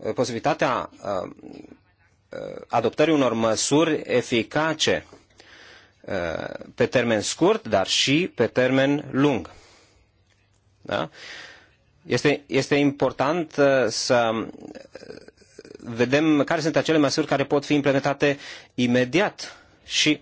Uh, posibilitatea uh, uh, adoptării unor măsuri eficace pe termen scurt, dar și pe termen lung. Da? Este, este important să vedem care sunt acele măsuri care pot fi implementate imediat și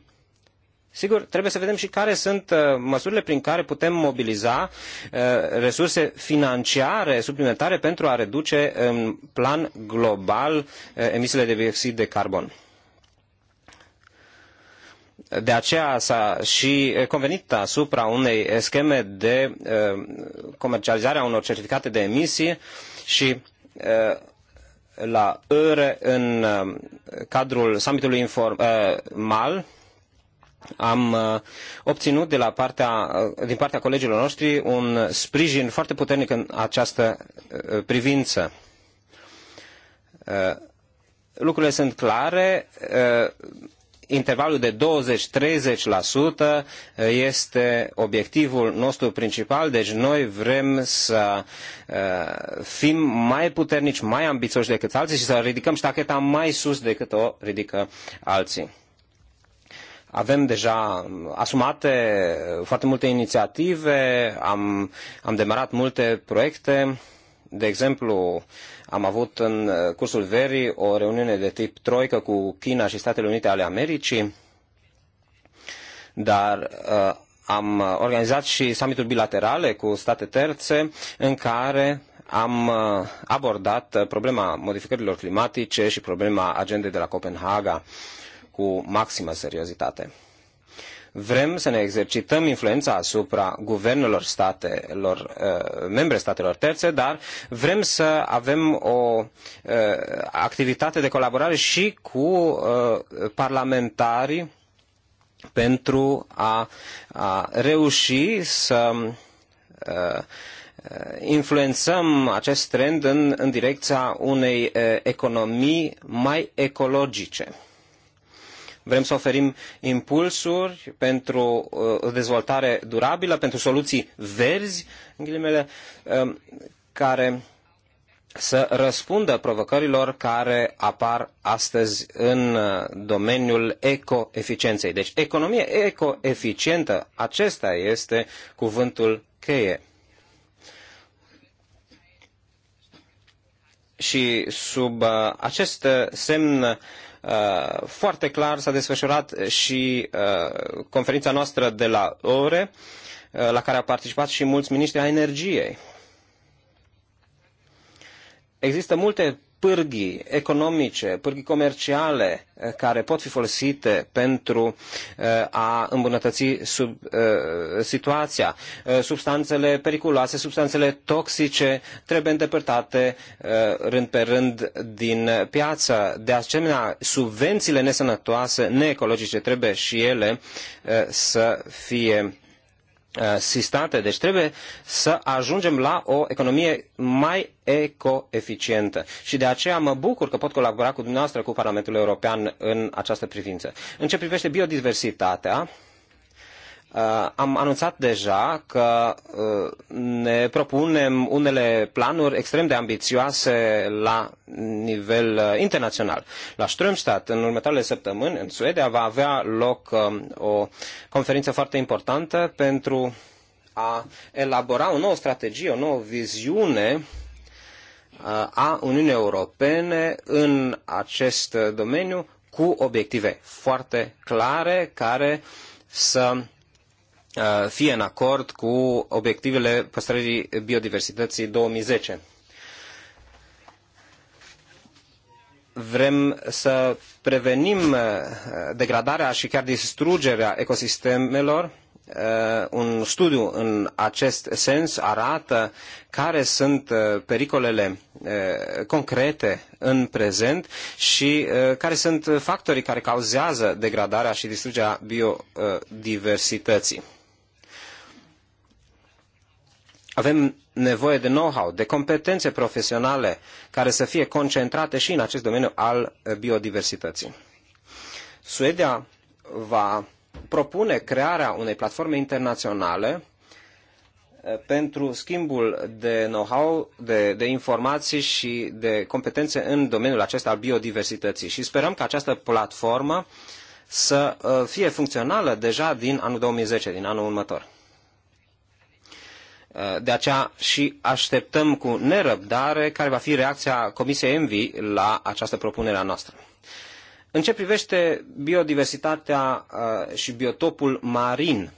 Sigur, trebuie să vedem și care sunt uh, măsurile prin care putem mobiliza uh, resurse financiare suplimentare pentru a reduce în plan global uh, emisiile de dioxid de carbon. De aceea s-a și convenit asupra unei scheme de comercializare a unor certificate de emisie și la ÖRE în cadrul summitului informal am uh, obținut de la partea, uh, din partea colegilor noștri un sprijin foarte puternic în această uh, privință. Lucrurile sunt clare, intervalul de 20-30% este obiectivul nostru principal, deci noi vrem să fim mai puternici, mai ambițioși decât alții și să ridicăm ștacheta mai sus decât o ridică alții avem deja asumate foarte multe inițiative, am, am demarat multe proiecte. De exemplu, am avut în cursul verii o reuniune de tip troică cu China și Statele Unite ale Americii, dar uh, am organizat și summituri bilaterale cu state terțe în care am uh, abordat problema modificărilor climatice și problema agendei de la Copenhaga. Uh, cu maximă seriozitate. Vrem să ne exercităm influența asupra guvernelor statelor, uh, membre statelor terțe, dar vrem să avem o uh, activitate de colaborare și cu uh, parlamentarii pentru a, a reuși să influențăm acest trend în, în direcția unei economii mai ecologice. Vrem să oferim impulsuri pentru uh, o dezvoltare durabilă, pentru soluții verzi, în ghilimele, um, care să răspundă provocărilor care apar astăzi în uh, domeniul ecoeficienței. Deci economie ecoeficientă, acesta este cuvântul cheie. Și sub uh, acest semn Uh, foarte clar s-a desfășurat și uh, conferința noastră de la ORE, uh, la care au participat și mulți miniștri a energiei. Există multe pârghii economice, pârghii comerciale eh, care pot fi folosite pentru eh, a îmbunătăți sub, eh, situația. Substanțele periculoase, substanțele toxice trebuie îndepărtate rând pe rând din piață. De asemenea, subvențiile nesănătoase, neecologice trebuie și ele să fie sistate. Deci trebuie să ajungem la o economie mai eco-eficientă. Și de aceea mă bucur că pot colabora cu dumneavoastră, cu Parlamentul European în această privință. În ce privește biodiversitatea, Uh, am anunțat deja că uh, ne propunem unele planuri extrem de ambițioase la nivel uh, internațional. La Strömstad, în următoarele săptămâni, în Suedia, va avea loc um, o conferință foarte importantă pentru a elabora o nouă strategie, o nouă viziune a Uniunii Europene în acest domeniu cu obiective foarte clare care să Uh, fie în acord cu obiectivele păstrării biodiversității 2010. Vrem să prevenim uh, degradarea și chiar distrugerea ecosistemelor. Uh, un studiu în acest sens arată care sunt pericolele concrete în prezent și care sunt factorii care cauzează degradarea și distrugerea biodiversității. Avem nevoie de know-how, de competențe profesionale care să fie concentrate și în acest domeniu al biodiversității. Suedia va propune crearea unei platforme internaționale eh, pentru schimbul de know-how, de, de informații și de competențe în domeniul acesta al biodiversității. Și sperăm că această platformă să eh, fie funcțională deja din anul 2010, din anul următor. Eh, de aceea și așteptăm cu nerăbdare care va fi reacția Comisiei Envi la această propunere a noastră. În ce privește biodiversitatea eh, și biotopul marin,